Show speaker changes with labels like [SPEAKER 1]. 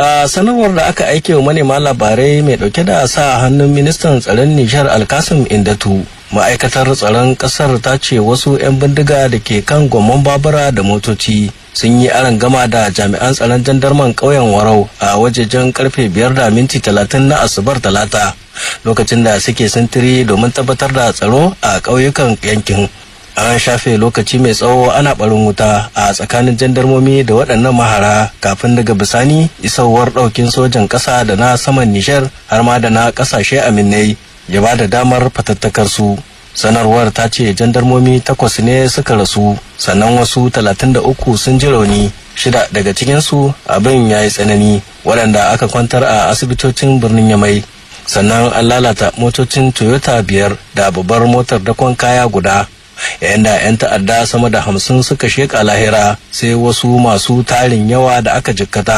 [SPEAKER 1] a sanarwar da aka aike wa manema labarai mai dauke da sa hannun ministan tsaron nishar alkasim indatu ma'aikatar tsaron kasar ta ce wasu 'yan bindiga da ke kan gwamman babura da motoci sun yi aron gama da jami'an tsaron jandarman ƙauyen warau a wajejen karfe biyar da minti talatin na asubar talata lokacin da suke sintiri domin tabbatar da tsaro a ƙauyukan yankin an shafe lokaci mai tsawo ana barin wuta a tsakanin jandarmomi da waɗannan mahara kafin daga bisani isowar ɗaukin sojan ƙasa da na saman nishar har ma da na ƙasashe aminai ya ba da damar fatattakar su sanarwar ta ce jandarmomi takwas ne suka rasu sannan wasu talatin da uku sun ji rauni shida daga cikinsu abin ya yi tsanani waɗanda aka kwantar a asibitocin birnin yamai sannan an lalata motocin toyota biyar da babbar motar dakon kaya guda yayin 'yan ta'adda sama da hamsin suka sheƙa lahira sai wasu masu tarin yawa da aka jikkata